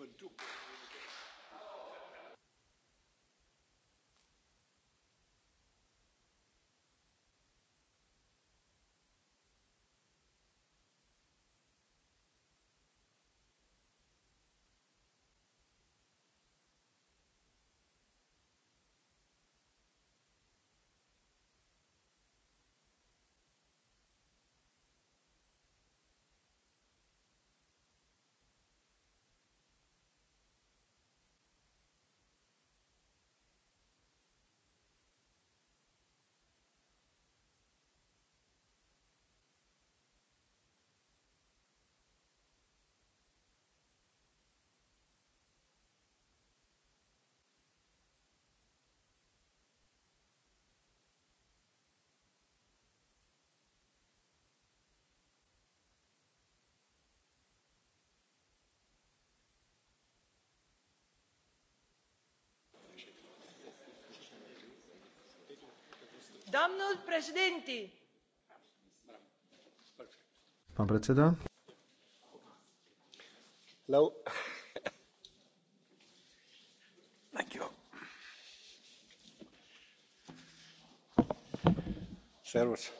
even do. Domnul președinte. Pán predseda. Hello. Thank you. Servus.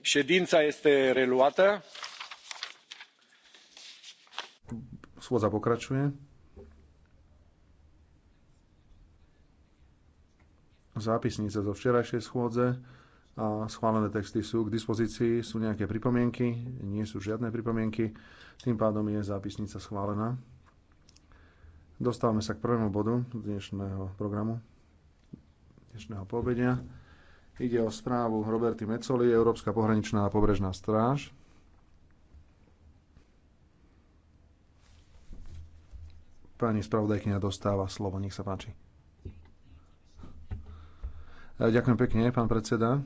Ședința este reluată. Schôdza pokračuje. zápisnice zo včerajšej schôdze a schválené texty sú k dispozícii, sú nejaké pripomienky, nie sú žiadne pripomienky, tým pádom je zápisnica schválená. Dostávame sa k prvému bodu dnešného programu, dnešného povedia. Ide o správu Roberty Mecoli, Európska pohraničná a pobrežná stráž. Pani spravodajkynia dostáva slovo, nech sa páči. Ďakujem pekne, pán predseda.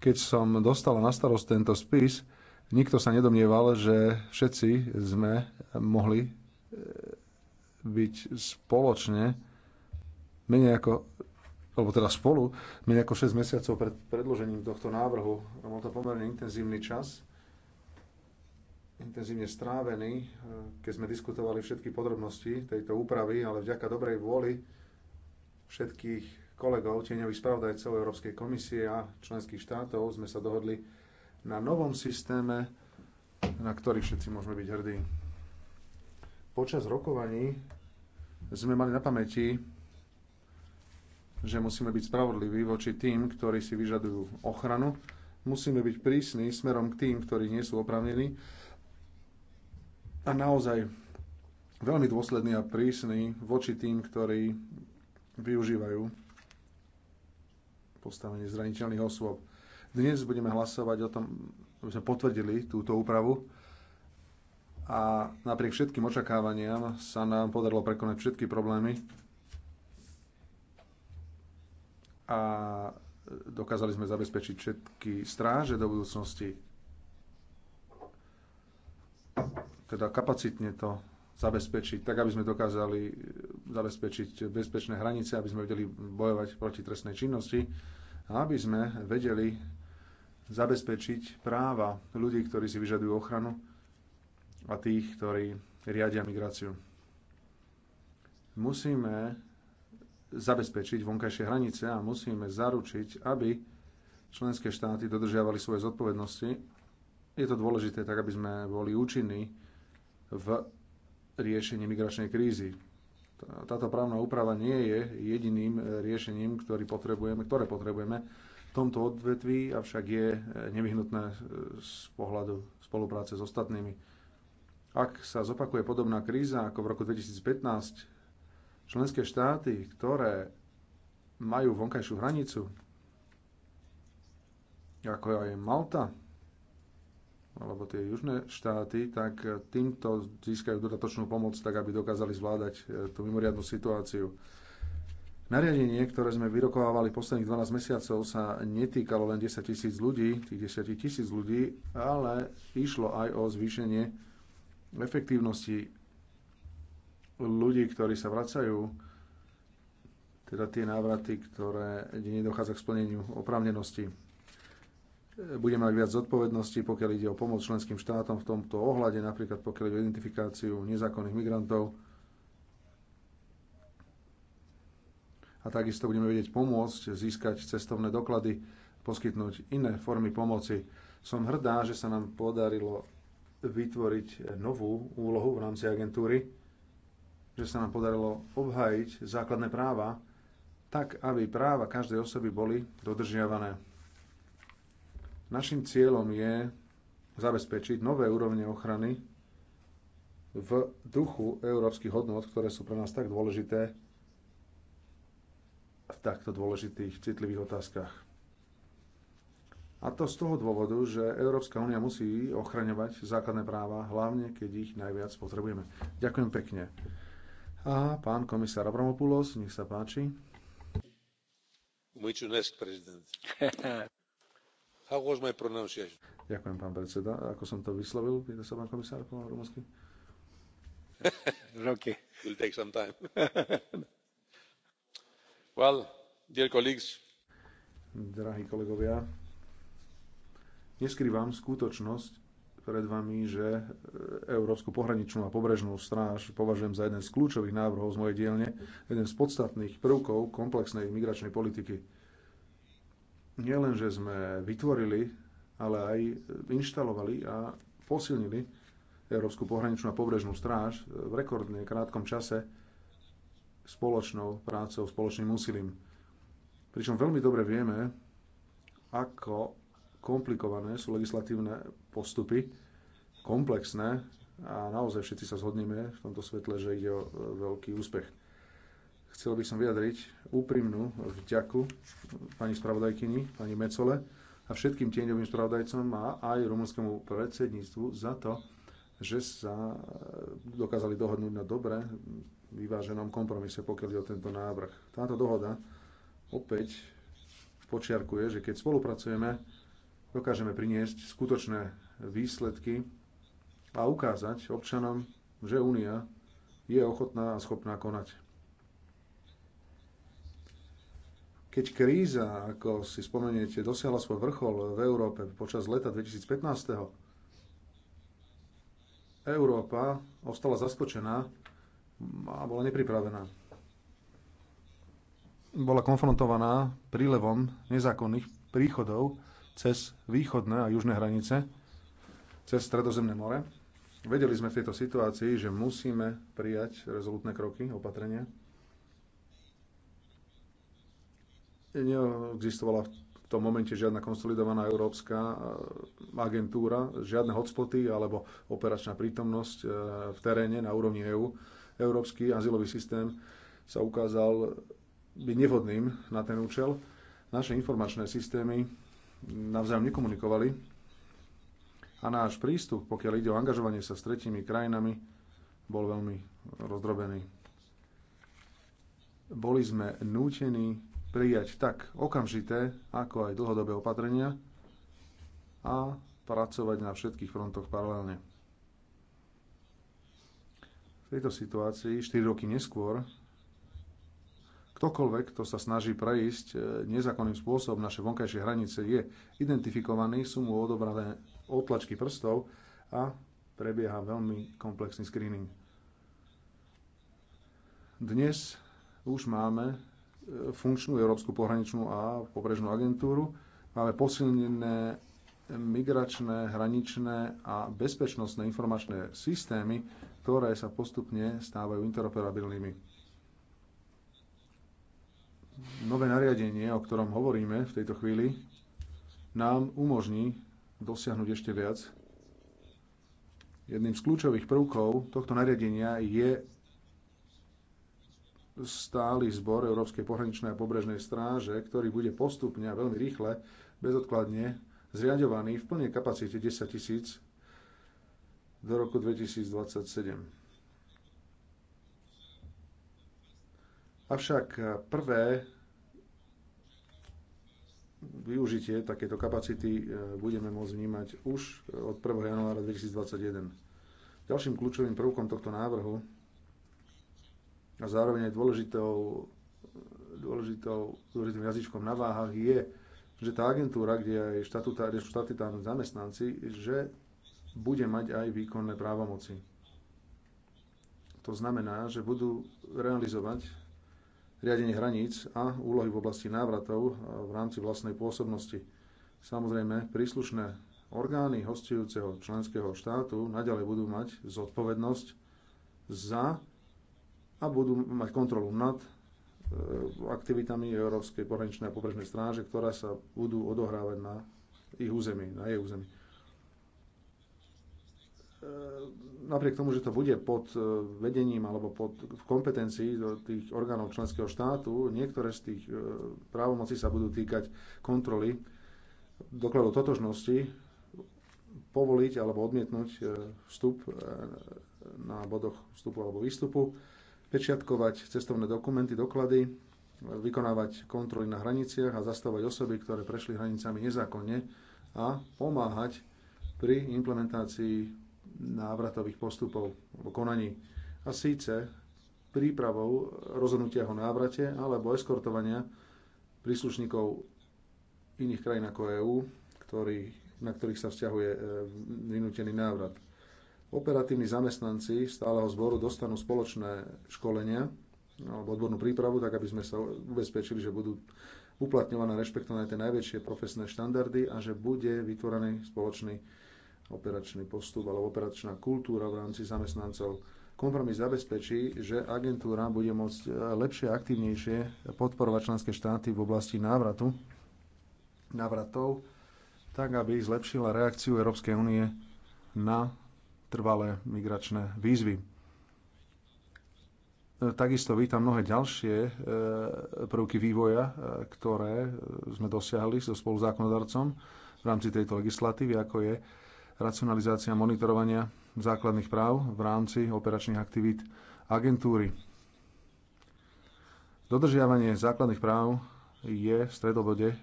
Keď som dostal na starost tento spis, nikto sa nedomnieval, že všetci sme mohli e, byť spoločne menej ako alebo teda spolu, menej ako 6 mesiacov pred predložením tohto návrhu. Bol to pomerne intenzívny čas intenzívne strávení, e, keď sme diskutovali všetky podrobnosti tejto úpravy, ale vďaka dobrej vôli všetkých kolegov, tieňových spravodajcov Európskej komisie a členských štátov sme sa dohodli na novom systéme, na ktorý všetci môžeme byť hrdí. Počas rokovaní sme mali na pamäti, že musíme byť spravodliví voči tým, ktorí si vyžadujú ochranu, musíme byť prísni smerom k tým, ktorí nie sú oprávnení a naozaj veľmi dôsledný a prísny voči tým, ktorí využívajú postavenie zraniteľných osôb. Dnes budeme hlasovať o tom, aby sme potvrdili túto úpravu a napriek všetkým očakávaniam sa nám podarilo prekonať všetky problémy a dokázali sme zabezpečiť všetky stráže do budúcnosti teda kapacitne to zabezpečiť, tak aby sme dokázali zabezpečiť bezpečné hranice, aby sme vedeli bojovať proti trestnej činnosti a aby sme vedeli zabezpečiť práva ľudí, ktorí si vyžadujú ochranu a tých, ktorí riadia migráciu. Musíme zabezpečiť vonkajšie hranice a musíme zaručiť, aby členské štáty dodržiavali svoje zodpovednosti. Je to dôležité tak, aby sme boli účinní v riešení migračnej krízy. Táto právna úprava nie je jediným eh, riešením, ktorý potrebujeme, ktoré potrebujeme v tomto odvetví, avšak je eh, nevyhnutné eh, z pohľadu spolupráce s ostatnými. Ak sa zopakuje podobná kríza ako v roku 2015, členské štáty, ktoré majú vonkajšiu hranicu, ako aj Malta, alebo tie južné štáty, tak týmto získajú dodatočnú pomoc, tak aby dokázali zvládať e, tú mimoriadnú situáciu. Nariadenie, ktoré sme vyrokovávali posledných 12 mesiacov, sa netýkalo len 10 tisíc ľudí, tých 10 tisíc ľudí, ale išlo aj o zvýšenie efektívnosti ľudí, ktorí sa vracajú, teda tie návraty, ktoré nedochádza k splneniu oprávnenosti bude mať viac zodpovedností, pokiaľ ide o pomoc členským štátom v tomto ohľade, napríklad pokiaľ ide o identifikáciu nezákonných migrantov. A takisto budeme vedieť pomôcť získať cestovné doklady, poskytnúť iné formy pomoci. Som hrdá, že sa nám podarilo vytvoriť novú úlohu v rámci agentúry, že sa nám podarilo obhájiť základné práva tak, aby práva každej osoby boli dodržiavané. Našim cieľom je zabezpečiť nové úrovne ochrany v duchu európskych hodnot, ktoré sú pre nás tak dôležité v takto dôležitých citlivých otázkach. A to z toho dôvodu, že Európska únia musí ochraňovať základné práva, hlavne keď ich najviac potrebujeme. Ďakujem pekne. A pán komisár Abramopoulos, nech sa páči. Mulțumesc, prezident. Ďakujem, pán predseda. Ako som to vyslovil, pýta sa pán komisár po rumúnsky. okay. Will take some time. well, dear colleagues. Drahí kolegovia, neskrývam skutočnosť pred vami, že e, Európsku pohraničnú a pobrežnú stráž považujem za jeden z kľúčových návrhov z mojej dielne, jeden z podstatných prvkov komplexnej migračnej politiky nielen, že sme vytvorili, ale aj inštalovali a posilnili Európsku pohraničnú a pobrežnú stráž v rekordne krátkom čase spoločnou prácou, spoločným úsilím. Pričom veľmi dobre vieme, ako komplikované sú legislatívne postupy, komplexné a naozaj všetci sa zhodneme v tomto svetle, že ide o veľký úspech. Chcel by som vyjadriť úprimnú vďaku pani spravodajkyni, pani Mecole a všetkým tieňovým spravodajcom a aj rumunskému predsedníctvu za to, že sa dokázali dohodnúť na dobre vyváženom kompromise, pokiaľ je o tento návrh. Táto dohoda opäť počiarkuje, že keď spolupracujeme, dokážeme priniesť skutočné výsledky a ukázať občanom, že Únia je ochotná a schopná konať. Keď kríza, ako si spomeniete, dosiahla svoj vrchol v Európe počas leta 2015, Európa ostala zaskočená a bola nepripravená. Bola konfrontovaná prílevom nezákonných príchodov cez východné a južné hranice, cez Stredozemné more. Vedeli sme v tejto situácii, že musíme prijať rezolutné kroky, opatrenia, neexistovala v tom momente žiadna konsolidovaná európska eh, agentúra, žiadne hotspoty alebo operačná prítomnosť eh, v teréne na úrovni EÚ. EU. Európsky azylový systém sa ukázal byť nevhodným na ten účel. Naše informačné systémy navzájom nekomunikovali a náš prístup, pokiaľ ide o angažovanie sa s tretími krajinami, bol veľmi rozdrobený. Boli sme nútení prijať tak okamžité, ako aj dlhodobé opatrenia a pracovať na všetkých frontoch paralelne. V tejto situácii 4 roky neskôr ktokoľvek, kto sa snaží prejsť e, nezákonným spôsobom naše vonkajšie hranice, je identifikovaný, sú mu odobrané otlačky prstov a prebieha veľmi komplexný screening. Dnes už máme funkčnú Európsku pohraničnú a pobrežnú agentúru. Máme posilnené migračné, hraničné a bezpečnostné informačné systémy, ktoré sa postupne stávajú interoperabilnými. Nové nariadenie, o ktorom hovoríme v tejto chvíli, nám umožní dosiahnuť ešte viac. Jedným z kľúčových prvkov tohto nariadenia je stály zbor Európskej pohraničnej a pobrežnej stráže, ktorý bude postupne a veľmi rýchle, bezodkladne zriadovaný v plnej kapacite 10 tisíc do roku 2027. Avšak prvé využitie takéto kapacity e, budeme môcť vnímať už od 1. januára 2021. Ďalším kľúčovým prvkom tohto návrhu a zároveň aj dôležitou, dôležitou, dôležitým jazyčkom na váhach je, že tá agentúra, kde aj štatutá, sú štatutárni zamestnanci, že bude mať aj výkonné právomoci. To znamená, že budú realizovať riadenie hraníc a úlohy v oblasti návratov v rámci vlastnej pôsobnosti. Samozrejme, príslušné orgány hostujúceho členského štátu naďalej budú mať zodpovednosť za a budú mať kontrolu nad e, aktivitami Európskej pohraničnej a pobrežnej stráže, ktoré sa budú odohrávať na ich území, na jej území. E, napriek tomu, že to bude pod e, vedením alebo pod kompetencií tých orgánov členského štátu, niektoré z tých právomocí sa budú týkať kontroly dokladov totožnosti, povoliť alebo odmietnúť vstup na bodoch vstupu alebo výstupu pečiatkovať cestovné dokumenty, doklady, vykonávať kontroly na hraniciach a zastavovať osoby, ktoré prešli hranicami nezákonne a pomáhať pri implementácii návratových postupov alebo konaní. A síce prípravou rozhodnutia o návrate alebo eskortovania príslušníkov iných krajín ako EÚ, ktorý, na ktorých sa vzťahuje e, vynútený návrat. Operatívni zamestnanci stáleho zboru dostanú spoločné školenia alebo odbornú prípravu, tak aby sme sa ubezpečili, že budú uplatňované, rešpektované tie najväčšie profesné štandardy a že bude vytvorený spoločný operačný postup alebo operačná kultúra v rámci zamestnancov. Kompromis zabezpečí, že agentúra bude môcť lepšie a aktívnejšie podporovať členské štáty v oblasti návratu, návratov, tak aby zlepšila reakciu Európskej únie na trvalé migračné výzvy. E, takisto vítam mnohé ďalšie e, prvky vývoja, e, ktoré sme dosiahli so spoluzákonodarcom v rámci tejto legislatívy, ako je racionalizácia monitorovania základných práv v rámci operačných aktivít agentúry. Dodržiavanie základných práv je v stredobode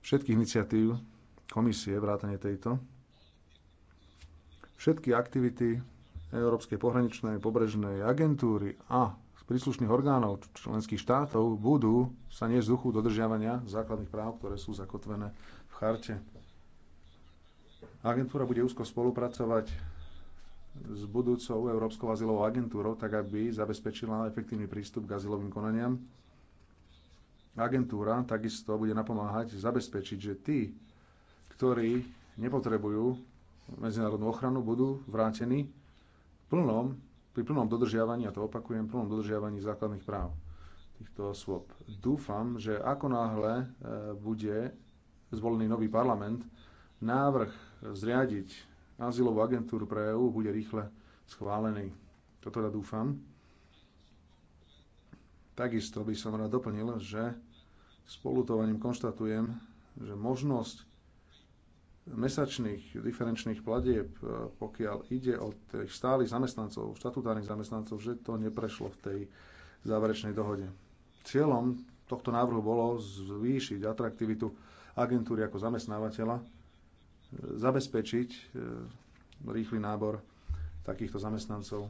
všetkých iniciatív komisie, vrátane tejto. Všetky aktivity Európskej pohraničnej pobrežnej agentúry a príslušných orgánov členských štátov budú sa nie vzduchu dodržiavania základných práv, ktoré sú zakotvené v charte. Agentúra bude úzko spolupracovať s budúcou Európskou azylovou agentúrou, tak aby zabezpečila efektívny prístup k azylovým konaniam. Agentúra takisto bude napomáhať zabezpečiť, že tí, ktorí nepotrebujú medzinárodnú ochranu, budú vrátení plnom, pri plnom dodržiavaní, a to opakujem, plnom dodržiavaní základných práv týchto osôb. Dúfam, že ako náhle e, bude zvolený nový parlament, návrh zriadiť azylovú agentúru pre EÚ bude rýchle schválený. Toto teda dúfam. Takisto by som rád doplnil, že spolutovaním konštatujem, že možnosť mesačných diferenčných platieb, e, pokiaľ ide o tých stálych zamestnancov, štatutárnych zamestnancov, že to neprešlo v tej záverečnej dohode. Cieľom tohto návrhu bolo zvýšiť atraktivitu agentúry ako zamestnávateľa, e, zabezpečiť e, rýchly nábor takýchto zamestnancov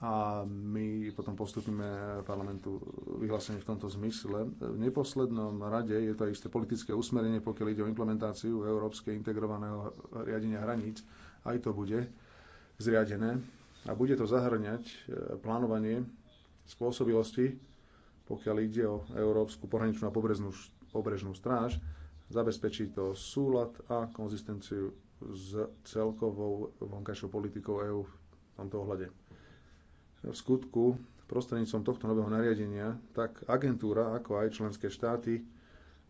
a my potom postupíme parlamentu vyhlásenie v tomto zmysle. V neposlednom rade je to aj isté politické usmerenie, pokiaľ ide o implementáciu európskej integrovaného riadenia hraníc. Aj to bude zriadené a bude to zahrňať e, plánovanie spôsobilosti, pokiaľ ide o Európsku pohraničnú a pobrežnú, pobrežnú stráž, zabezpečí to súlad a konzistenciu s celkovou vonkajšou politikou EÚ v tomto ohľade v skutku prostredníctvom tohto nového nariadenia, tak agentúra, ako aj členské štáty,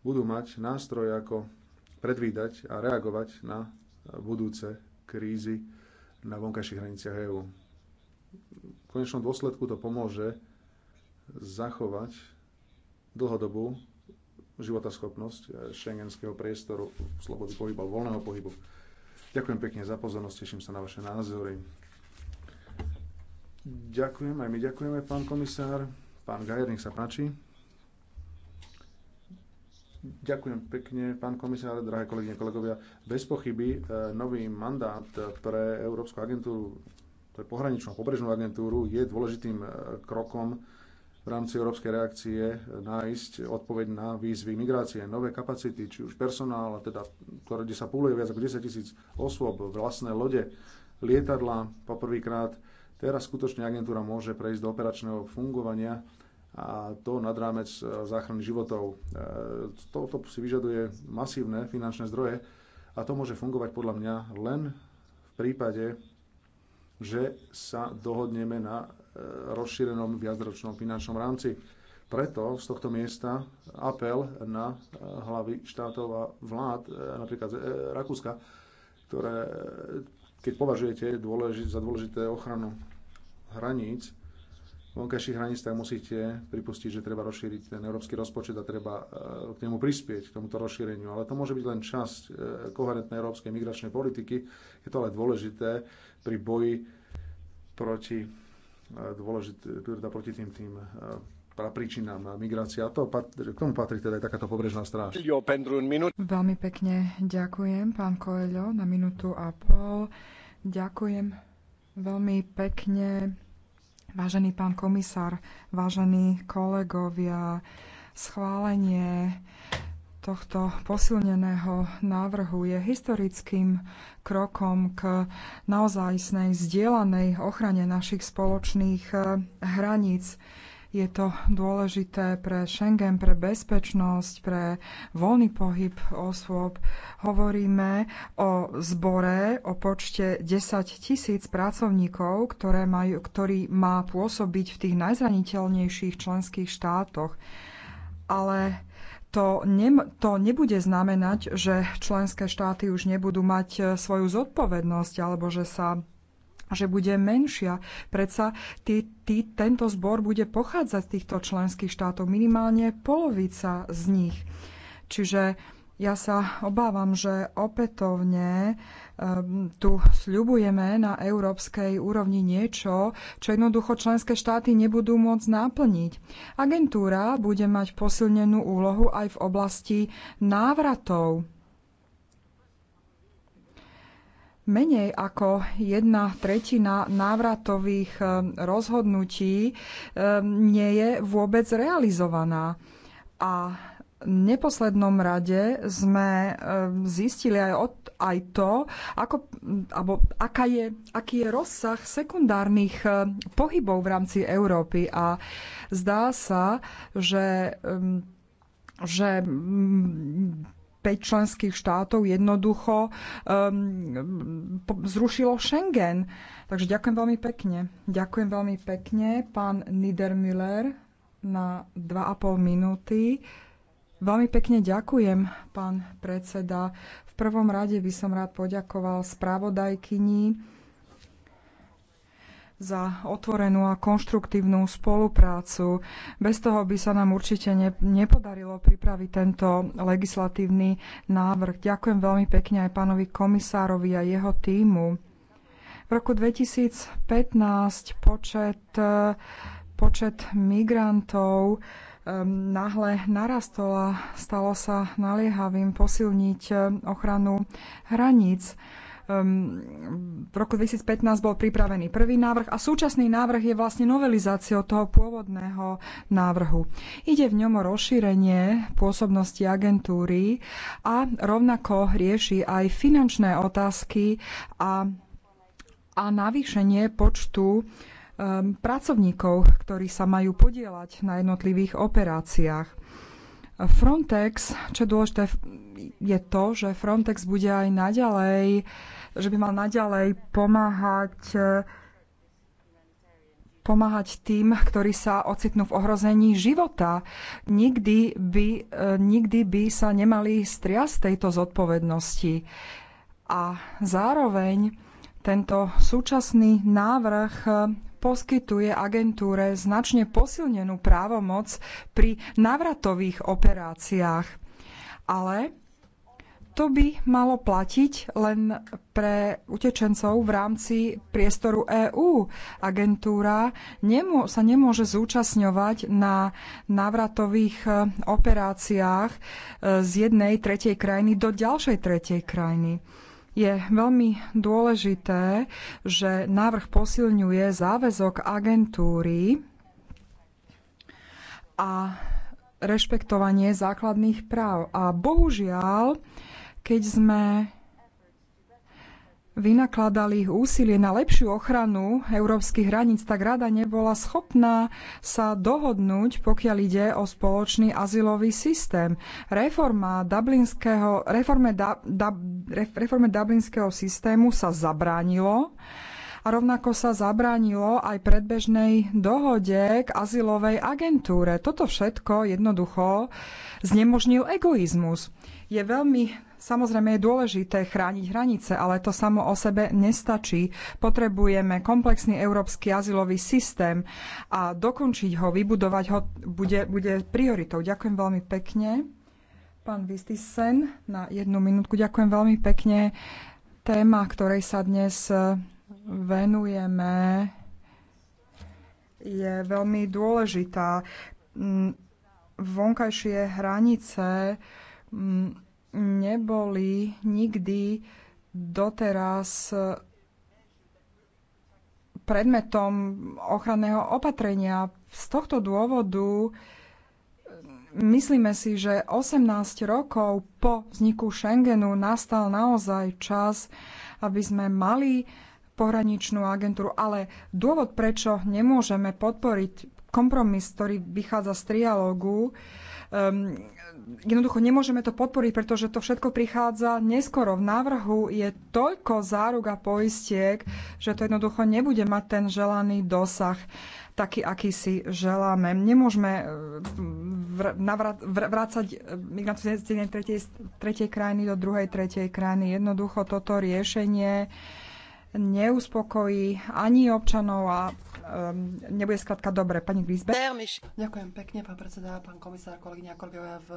budú mať nástroj, ako predvídať a reagovať na budúce krízy na vonkajších hraniciach EÚ. V konečnom dôsledku to pomôže zachovať dlhodobú životaschopnosť šengenského priestoru slobody pohybu, voľného pohybu. Ďakujem pekne za pozornosť, teším sa na vaše názory. Ďakujem, aj my ďakujeme, pán komisár. Pán Gajer, nech sa páči. Ďakujem pekne, pán komisár, drahé kolegyne, kolegovia. Bez pochyby e, nový mandát pre Európsku agentúru, pre pohraničnú pobrežnú agentúru je dôležitým e, krokom v rámci európskej reakcie e, nájsť odpoveď na výzvy migrácie, nové kapacity, či už personál, teda, ktoré, kde sa púluje viac ako 10 tisíc osôb, vlastné lode, lietadla poprvýkrát, Teraz skutočne agentúra môže prejsť do operačného fungovania a to nad rámec e, záchrany životov. Toto e, si vyžaduje masívne finančné zdroje a to môže fungovať podľa mňa len v prípade, že sa dohodneme na e, rozšírenom viacročnom finančnom rámci. Preto z tohto miesta apel na hlavy štátov a vlád, napríklad Rakúska, ktoré, keď považujete dôležit, za dôležité ochranu hraníc, vonkajších hraníc, tak musíte pripustiť, že treba rozšíriť ten európsky rozpočet a treba e, k nemu prispieť, k tomuto rozšíreniu. Ale to môže byť len časť e, koherentnej európskej migračnej politiky. Je to ale dôležité pri boji proti, e, dôležité, proti tým, tým príčinám migrácie. A to, k tomu patrí teda aj takáto pobrežná stráž. Veľmi pekne ďakujem, pán Koelho, na minútu a pol. Ďakujem Veľmi pekne, vážený pán komisár, vážení kolegovia, schválenie tohto posilneného návrhu je historickým krokom k naozajstnej zdieľanej ochrane našich spoločných eh, hraníc. Je to dôležité pre Schengen, pre bezpečnosť, pre voľný pohyb osôb. Hovoríme o zbore, o počte 10 tisíc pracovníkov, ktoré majú, ktorý má pôsobiť v tých najzraniteľnejších členských štátoch. Ale to, ne, to nebude znamenať, že členské štáty už nebudú mať e, svoju zodpovednosť alebo že sa že bude menšia. Predsa tí, tí, tento zbor bude pochádzať z týchto členských štátov, minimálne polovica z nich. Čiže ja sa obávam, že opätovne um, tu sľubujeme na európskej úrovni niečo, čo jednoducho členské štáty nebudú môcť naplniť. Agentúra bude mať posilnenú úlohu aj v oblasti návratov Menej ako jedna tretina návratových eh, rozhodnutí eh, nie je vôbec realizovaná. A v neposlednom rade sme eh, zistili aj, od, aj to, ako, alebo aká je, aký je rozsah sekundárnych pohybov v rámci Európy. A zdá sa, že, že mm, 5 členských štátov jednoducho um, zrušilo Schengen. Takže ďakujem veľmi pekne. Ďakujem veľmi pekne, pán Niedermüller, na 2,5 minúty. Veľmi pekne ďakujem, pán predseda. V prvom rade by som rád poďakoval spravodajkyni za otvorenú a konštruktívnu spoluprácu. Bez toho by sa nám určite ne, nepodarilo pripraviť tento legislatívny návrh. Ďakujem veľmi pekne aj pánovi komisárovi a jeho týmu. V roku 2015 počet, počet migrantov um, náhle narastol a stalo sa naliehavým posilniť um, ochranu hraníc um, v roku 2015 bol pripravený prvý návrh a súčasný návrh je vlastne novelizáciou toho pôvodného návrhu. Ide v ňom o rozšírenie pôsobnosti agentúry a rovnako rieši aj finančné otázky a, a navýšenie počtu um, pracovníkov, ktorí sa majú podielať na jednotlivých operáciách. Frontex, čo je dôležité, je to, že Frontex bude aj naďalej, že by mal naďalej pomáhať pomáhať tým, ktorí sa ocitnú v ohrození života. Nikdy by, nikdy by sa nemali striasť tejto zodpovednosti. A zároveň tento súčasný návrh poskytuje agentúre značne posilnenú právomoc pri návratových operáciách. Ale to by malo platiť len pre utečencov v rámci priestoru EÚ. Agentúra nemô- sa nemôže zúčastňovať na návratových e, operáciách e, z jednej tretej krajiny do ďalšej tretej krajiny je veľmi dôležité, že návrh posilňuje záväzok agentúry a rešpektovanie základných práv. A bohužiaľ, keď sme vynakladali úsilie na lepšiu ochranu európskych hraníc, tak rada nebola schopná sa dohodnúť, pokiaľ ide o spoločný azylový systém. Reforma dublinského, reforme, da, da, reforme dublinského systému sa zabránilo a rovnako sa zabránilo aj predbežnej dohode k azylovej agentúre. Toto všetko jednoducho znemožnil egoizmus. Je veľmi Samozrejme je dôležité chrániť hranice, ale to samo o sebe nestačí. Potrebujeme komplexný európsky azylový systém a dokončiť ho, vybudovať ho bude, bude prioritou. Ďakujem veľmi pekne. Pán Vistisen, na jednu minútku ďakujem veľmi pekne. Téma, ktorej sa dnes e, venujeme, je veľmi dôležitá. Mm, vonkajšie hranice mm, neboli nikdy doteraz predmetom ochranného opatrenia. Z tohto dôvodu myslíme si, že 18 rokov po vzniku Schengenu nastal naozaj čas, aby sme mali pohraničnú agentúru, ale dôvod, prečo nemôžeme podporiť kompromis, ktorý vychádza z trialógu. Um, jednoducho nemôžeme to podporiť, pretože to všetko prichádza neskoro. V návrhu je toľko záruk a poistiek, že to jednoducho nebude mať ten želaný dosah, taký, aký si želáme. Nemôžeme uh, vrácať uh, migrantov z jednej tretej, tretej krajiny do druhej tretej krajiny. Jednoducho toto riešenie neuspokojí ani občanov a um, nebude skladka dobre. Pani Grisbe. Ďakujem pekne, pán predseda, pán komisár, kolegyňa, kolegovia v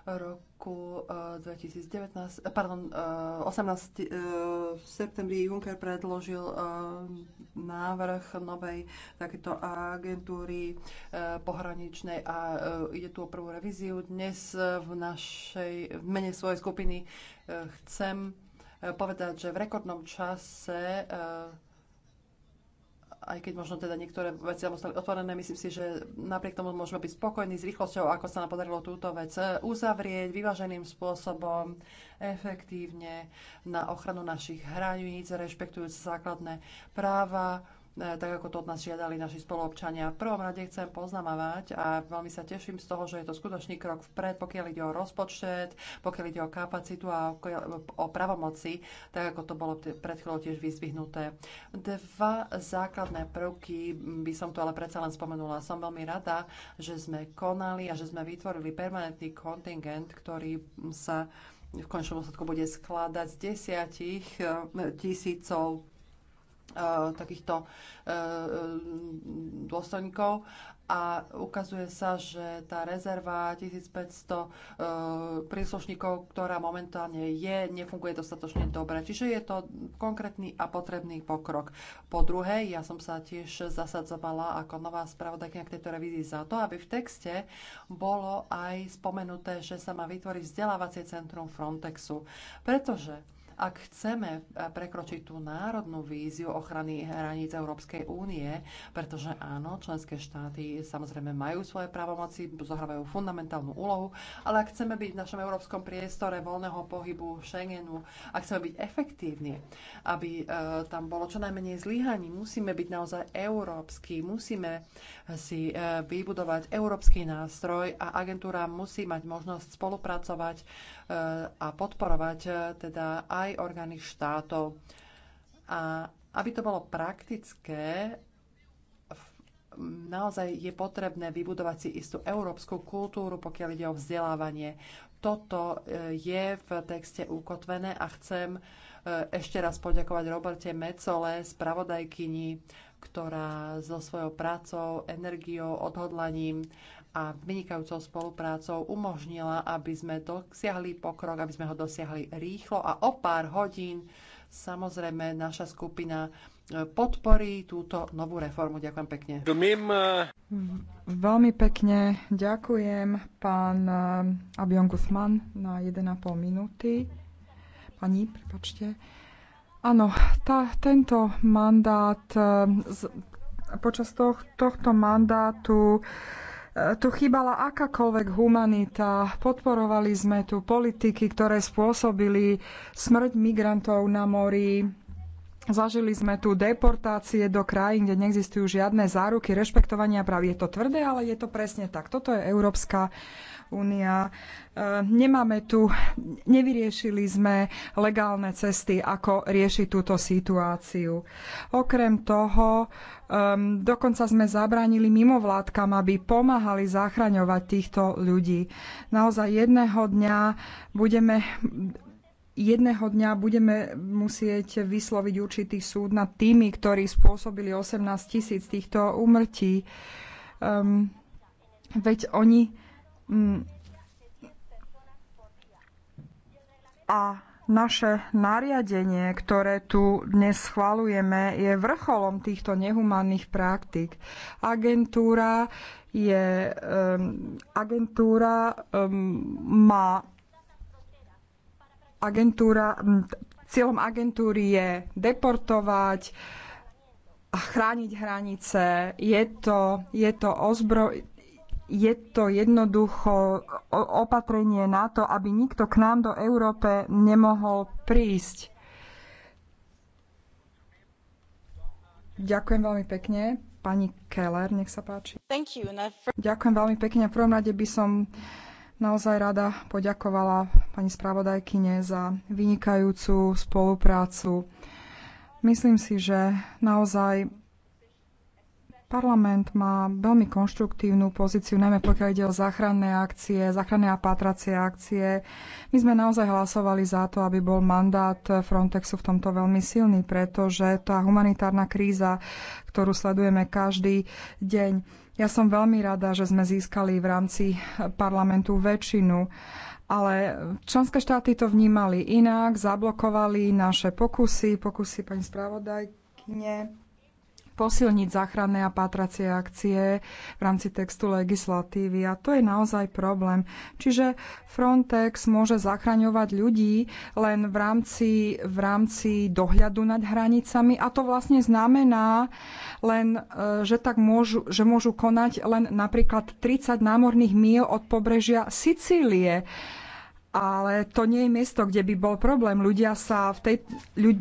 roku 2019, eh, eh, pardon, 18. Eh, v septembri Juncker predložil návrh novej takéto agentúry pohraničnej a ide tu o prvú revíziu. Dnes v našej, v mene svojej skupiny chcem povedať, že v rekordnom čase eh, aj keď možno teda niektoré veci tam ostali otvorené, myslím si, že napriek tomu môžeme byť spokojní s rýchlosťou, ako sa nám podarilo túto vec eh, uzavrieť vyváženým spôsobom, efektívne na ochranu našich hraníc, rešpektujúc základné práva E, tak ako to od nás žiadali naši spoluobčania. V prvom rade chcem poznamovať a veľmi sa teším z toho, že je to skutočný krok vpred, pokiaľ ide o rozpočet, pokiaľ ide o kapacitu a o pravomoci, tak ako to bolo pred chvíľou tiež vyzvihnuté. Dva základné prvky by som tu ale predsa len spomenula. Som veľmi rada, že sme konali a že sme vytvorili permanentný kontingent, ktorý sa v končnom osadku bude skladať z desiatich e, tisícov E, takýchto e, e, dôstojníkov a ukazuje sa, že tá rezerva 1500 príslušníkov, ktorá momentálne je, nefunguje dostatočne dobre. Čiže je to konkrétny a potrebný pokrok. Po druhé, ja som sa tiež zasadzovala ako nová spravodajkňa k tejto revízii za to, aby v texte bolo aj spomenuté, že sa má vytvoriť vzdelávacie centrum Frontexu. Pretože ak chceme eh, prekročiť tú národnú víziu ochrany hraníc Európskej únie, pretože áno, členské štáty samozrejme majú svoje právomoci, zohrávajú fundamentálnu úlohu, ale ak chceme byť v našom európskom priestore voľného pohybu Schengenu, ak chceme byť efektívni, aby eh, tam bolo čo najmenej zlyhaní, musíme byť naozaj európsky, musíme si eh, vybudovať európsky nástroj a agentúra musí mať možnosť spolupracovať a podporovať teda aj aj orgány štátov. A aby to bolo praktické, naozaj je potrebné vybudovať si istú európsku kultúru, pokiaľ ide o vzdelávanie. Toto e, je v texte ukotvené a chcem e, ešte raz poďakovať Roberte Mecole, spravodajkyni, ktorá so svojou prácou, energiou, odhodlaním a vynikajúcou spoluprácou umožnila, aby sme dosiahli pokrok, aby sme ho dosiahli rýchlo a o pár hodín samozrejme naša skupina e, podporí túto novú reformu. Ďakujem pekne. E, Veľmi pekne ďakujem pán e, Abion Guzman na 1,5 minúty. Pani, prepačte. Áno, tá, tento mandát z, počas toh, tohto mandátu tu chýbala akákoľvek humanita. Podporovali sme tu politiky, ktoré spôsobili smrť migrantov na mori, Zažili sme tu deportácie do krajín, kde neexistujú žiadne záruky rešpektovania práv. Je to tvrdé, ale je to presne tak. Toto je Európska únia. E, nemáme tu, nevyriešili sme legálne cesty, ako riešiť túto situáciu. Okrem toho, um, dokonca sme zabránili mimovládkam, aby pomáhali zachraňovať týchto ľudí. Naozaj jedného dňa budeme jedného dňa budeme musieť vysloviť určitý súd nad tými, ktorí spôsobili 18 tisíc týchto úmrtí. Um, veď oni... Um, a naše nariadenie, ktoré tu dnes schvalujeme, je vrcholom týchto nehumánnych praktik. Agentúra je um, agentúra um, má agentúra, cieľom agentúry je deportovať a chrániť hranice. Je to, je to ozbro, je to jednoducho opatrenie na to, aby nikto k nám do Európe nemohol prísť. Ďakujem veľmi pekne. Pani Keller, nech sa páči. Ďakujem veľmi pekne. V prvom rade by som naozaj rada poďakovala pani spravodajkyne za vynikajúcu spoluprácu. Myslím si, že naozaj parlament má veľmi konštruktívnu pozíciu, najmä pokiaľ ide o záchranné akcie, záchranné a pátracie akcie. My sme naozaj hlasovali za to, aby bol mandát Frontexu v tomto veľmi silný, pretože tá humanitárna kríza, ktorú sledujeme každý deň, ja som veľmi rada, že sme získali v rámci eh, parlamentu väčšinu, ale členské štáty to vnímali inak, zablokovali naše pokusy, pokusy pani spravodajkyne posilniť záchranné a pátracie akcie v rámci textu legislatívy. A to je naozaj problém. Čiže Frontex môže zachraňovať ľudí len v rámci, v rámci dohľadu nad hranicami. A to vlastne znamená len, e, že, tak môžu, že môžu konať len napríklad 30 námorných míl od pobrežia Sicílie ale to nie je miesto, kde by bol problém. Ľudia, sa v tej,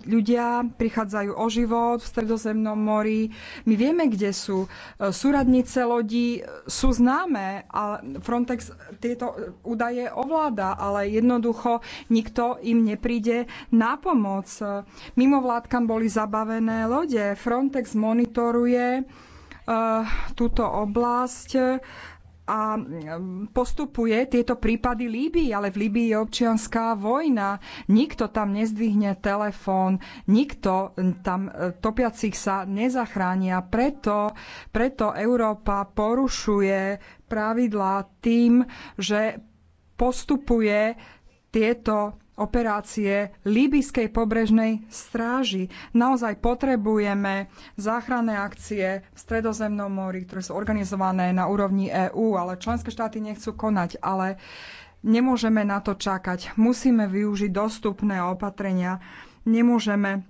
ľudia prichádzajú o život v Stredozemnom mori. My vieme, kde sú. E, súradnice lodí e, sú známe, a Frontex tieto údaje ovláda, ale jednoducho nikto im nepríde na pomoc. E, Mimo vládkam boli zabavené lode. Frontex monitoruje túto oblasť a postupuje tieto prípady Líbii, ale v Líbii je občianská vojna. Nikto tam nezdvihne telefón, nikto tam e, topiacich sa nezachránia. Preto, preto Európa porušuje pravidlá tým, že postupuje tieto operácie Líbyskej pobrežnej stráži. Naozaj potrebujeme záchranné akcie v Stredozemnom mori, ktoré sú organizované na úrovni EÚ, ale členské štáty nechcú konať, ale nemôžeme na to čakať. Musíme využiť dostupné opatrenia. Nemôžeme,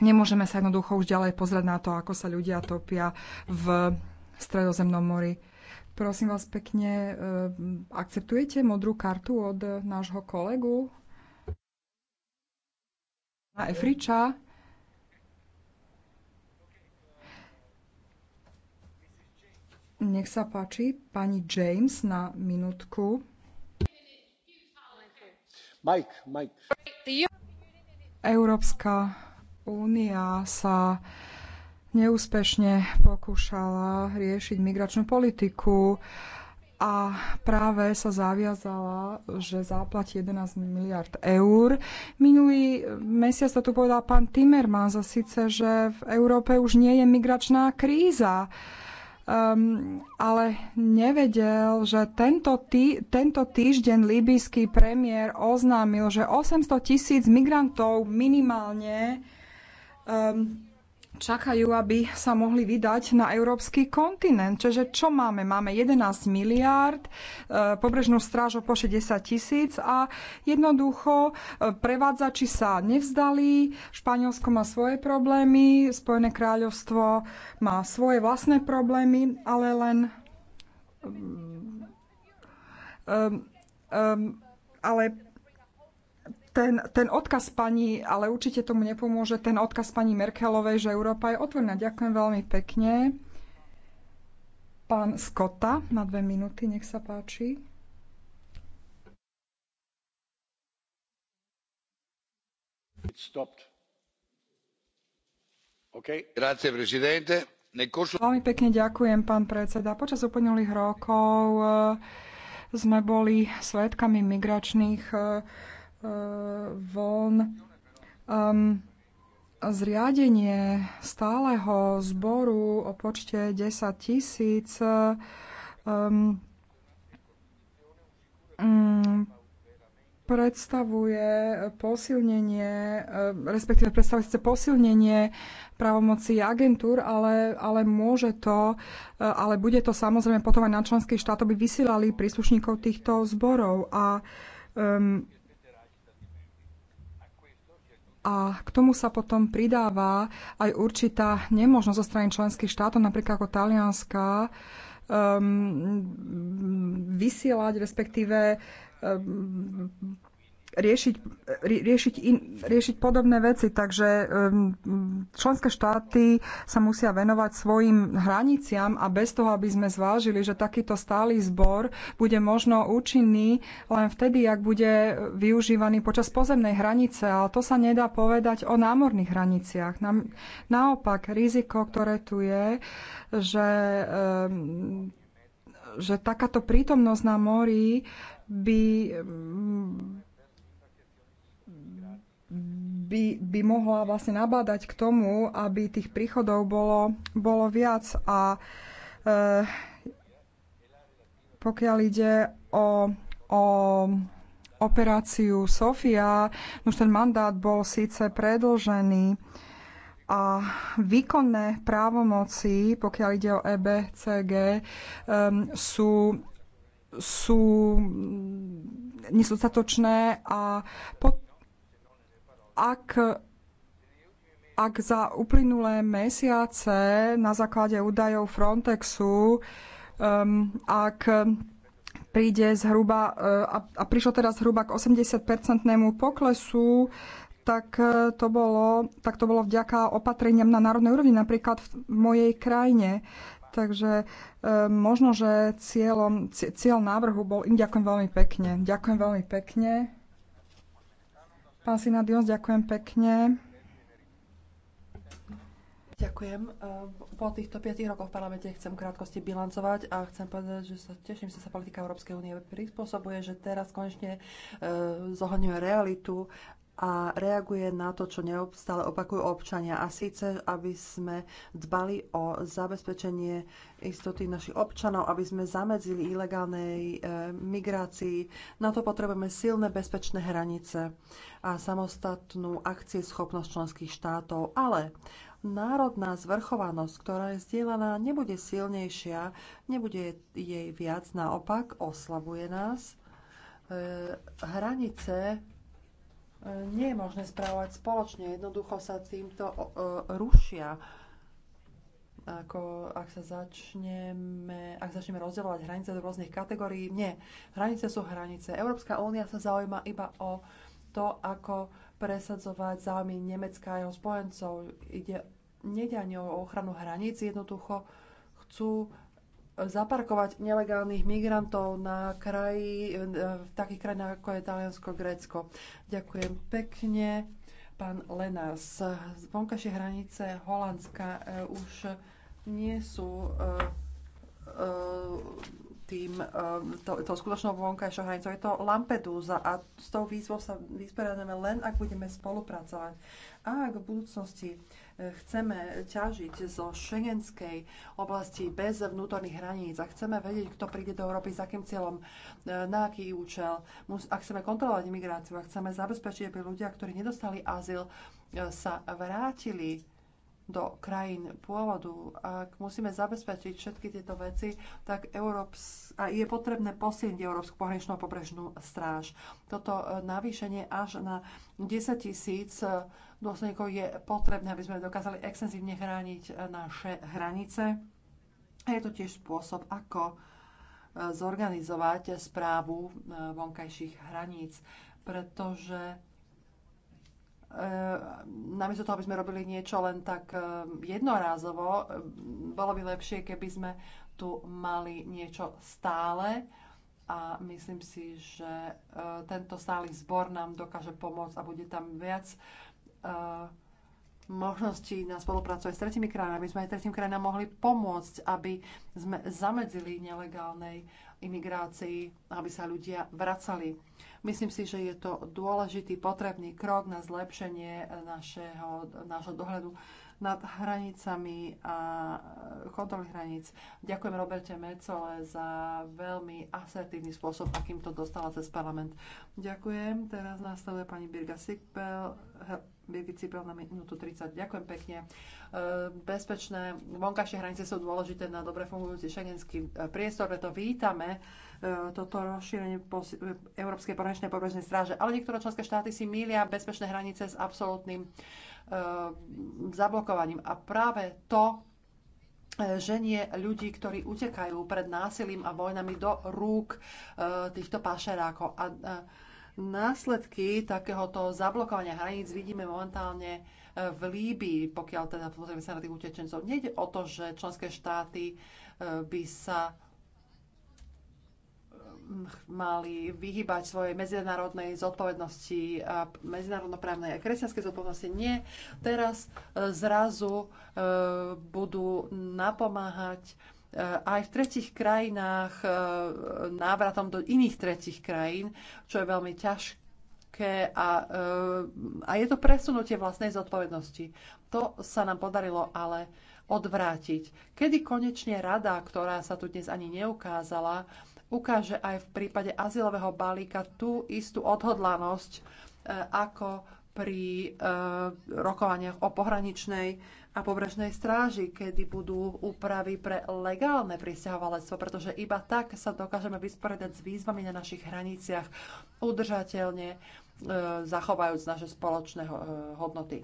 nemôžeme sa jednoducho už ďalej pozrieť na to, ako sa ľudia topia v Stredozemnom mori. Prosím vás pekne, eh, akceptujete modrú kartu od nášho kolegu? na Efriča. Nech sa páči, pani James na minútku. Mike, Mike. Európska únia sa neúspešne pokúšala riešiť migračnú politiku a práve sa zaviazala, že zaplatí 11 miliard eur. Minulý mesiac to tu povedal pán Timerman za síce, že v Európe už nie je migračná kríza. Um, ale nevedel, že tento, tý, tento týždeň líbyjský premiér oznámil, že 800 tisíc migrantov minimálne um, čakajú, aby sa mohli vydať na európsky kontinent. Čiže čo máme? Máme 11 miliárd, e, pobrežnú stráž o po 60 tisíc a jednoducho e, prevádzači sa nevzdali, Španielsko má svoje problémy, Spojené kráľovstvo má svoje vlastné problémy, ale len... Um, um, ale ten, ten odkaz pani, ale určite tomu nepomôže, ten odkaz pani Merkelovej, že Európa je otvorená. Ďakujem veľmi pekne. Pán Skota, na dve minúty, nech sa páči. Okay. Veľmi pekne ďakujem, pán predseda. Počas uplynulých rokov eh, sme boli svedkami migračných eh, von. Um, zriadenie stáleho zboru o počte 10 tisíc um, um, predstavuje posilnenie, um, respektíve predstavuje síce posilnenie právomoci agentúr, ale, ale môže to, uh, ale bude to samozrejme potom aj na členských štátoch, aby vysielali príslušníkov týchto zborov. A um, a k tomu sa potom pridáva aj určitá nemožnosť zo strany členských štátov, napríklad ako Talianska, um, vysielať, respektíve um, riešiť, riešiť, in, riešiť podobné veci. Takže um, členské štáty sa musia venovať svojim hraniciam a bez toho, aby sme zvážili, že takýto stály zbor bude možno účinný len vtedy, ak bude využívaný počas pozemnej hranice. Ale to sa nedá povedať o námorných hraniciach. Naopak, riziko, ktoré tu je, že um, že takáto prítomnosť na mori by um, by, by mohla vlastne nabádať k tomu, aby tých príchodov bolo, bolo viac. A e, pokiaľ ide o, o operáciu Sofia, už ten mandát bol síce predlžený a výkonné právomoci, pokiaľ ide o EBCG, e, sú sú nedostatočné a pod, ak ak za uplynulé mesiace na základe údajov Frontexu, um, ak príde zhruba, uh, a, a prišlo teda zhruba k 80-percentnému poklesu, tak uh, to, bolo, tak to bolo vďaka opatreniam na národnej úrovni, napríklad v mojej krajine. Takže e, možno, že cieľom, cieľ návrhu bol... Ďakujem veľmi pekne. Ďakujem veľmi pekne. Pán Sinadios, ďakujem pekne. Ďakujem. E, po týchto 5 rokoch v parlamente chcem krátkosti bilancovať a chcem povedať, že sa teším, že sa politika Európskej únie prispôsobuje, že teraz konečne e, zohľadňuje realitu a reaguje na to, čo neobstále opakujú občania. A síce, aby sme dbali o zabezpečenie istoty našich občanov, aby sme zamedzili ilegálnej e, migrácii. Na to potrebujeme silné bezpečné hranice a samostatnú schopnosť členských štátov. Ale národná zvrchovanosť, ktorá je zdieľaná, nebude silnejšia, nebude jej viac, naopak oslabuje nás. E, hranice nie je možné správovať spoločne. Jednoducho sa týmto rušia. Ako, ak sa začneme, ak začneme rozdielovať hranice do rôznych kategórií, nie. Hranice sú hranice. Európska únia sa zaujíma iba o to, ako presadzovať záujmy Nemecka a jeho spojencov. Ide, nejde ani o ochranu hraníc, jednoducho chcú zaparkovať nelegálnych migrantov na kraji, e, v takých krajinách ako je Taliansko, Grécko. Ďakujem pekne. Pán Lenárs, z vonkajšie hranice Holandska e, už nie sú e, tým, to, to skutočnou vonkajšou hranicou. Je to Lampedusa a s tou výzvou sa vysporiadame len, ak budeme spolupracovať. A ak v budúcnosti chceme ťažiť zo šengenskej oblasti bez vnútorných hraníc a chceme vedieť, kto príde do Európy, s akým cieľom, e, na aký účel, ak chceme kontrolovať imigráciu a chceme zabezpečiť, aby ľudia, ktorí nedostali azyl, e, sa vrátili do krajín pôvodu, ak musíme zabezpečiť všetky tieto veci, tak Európs- a je potrebné posilniť Európsku pohraničnú pobrežnú stráž. Toto e, navýšenie až na 10 tisíc e, dôsledníkov je potrebné, aby sme dokázali extenzívne chrániť e, naše hranice. A je to tiež spôsob, ako zorganizovať správu vonkajších hraníc, pretože E, namiesto toho, aby sme robili niečo len tak e, jednorázovo, e, bolo by lepšie, keby sme tu mali niečo stále a myslím si, že tento stály zbor nám dokáže pomôcť a bude tam viac možnosti na spoluprácu aj s tretimi krajinami, aby sme aj tretím krajinám mohli pomôcť, aby sme zamedzili nelegálnej imigrácii, aby sa ľudia vracali. Myslím si, že je to dôležitý, potrebný krok na zlepšenie našeho, nášho dohľadu nad hranicami a kontroly hraníc. Ďakujem Roberte Mecole za veľmi asertívny spôsob, akým to dostala cez parlament. Ďakujem. Teraz následuje pani Birga Sikpel, Birgit Cipel na minútu 30. Ďakujem pekne. E, bezpečné vonkajšie hranice sú dôležité na dobre fungujúci šengenský e, priestor, preto vítame e, toto rozšírenie Európskej pohraničnej pobrežnej stráže. Ale niektoré členské štáty si mília bezpečné hranice s absolútnym zablokovaním. A práve to ženie ľudí, ktorí utekajú pred násilím a vojnami do rúk týchto pašerákov. A, Následky takéhoto zablokovania hraníc vidíme momentálne e, v Líbii, pokiaľ teda pozrieme sa na tých utečencov. Nejde o to, že členské štáty e, by sa mali vyhybať svojej medzinárodnej zodpovednosti a medzinárodnoprávnej a kresťanskej zodpovednosti. Nie, teraz e, zrazu budú napomáhať Eh, aj v tretich krajinách eh, návratom do iných tretich krajín, čo je veľmi ťažké a, eh, a je to presunutie vlastnej zodpovednosti. To sa nám podarilo ale odvrátiť. Kedy konečne rada, ktorá sa tu dnes ani neukázala, ukáže aj v prípade azylového balíka tú istú odhodlanosť, ako pri rokovaniach o pohraničnej a pobrežnej stráži, kedy budú úpravy pre legálne prisťahovalectvo, pretože iba tak sa dokážeme vysporiadať s výzvami na našich hraniciach udržateľne, e, zachovajúc naše spoločné e, hodnoty.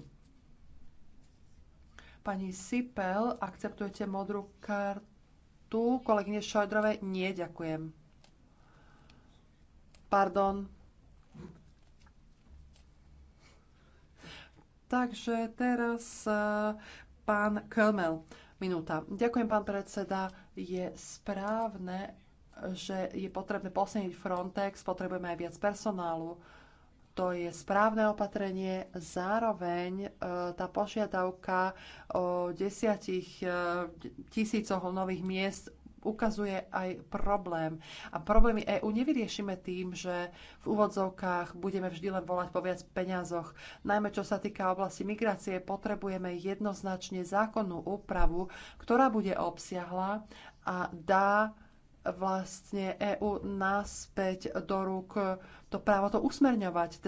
Pani Sipel, akceptujete modrú kartu kolegyne Šojdrovej? Nie, ďakujem. Pardon, Takže teraz e, pán Kelmel, Minúta. Ďakujem, pán predseda. Je správne, že je potrebné posilniť Frontex, potrebujeme aj viac personálu. To je správne opatrenie. Zároveň e, tá požiadavka o desiatich e, tisícoch nových miest ukazuje aj problém. A problémy EÚ nevyriešime tým, že v úvodzovkách budeme vždy len volať po viac peniazoch. Najmä čo sa týka oblasti migrácie, potrebujeme jednoznačne zákonnú úpravu, ktorá bude obsiahla a dá vlastne EÚ naspäť do rúk to právo to usmerňovať. Teda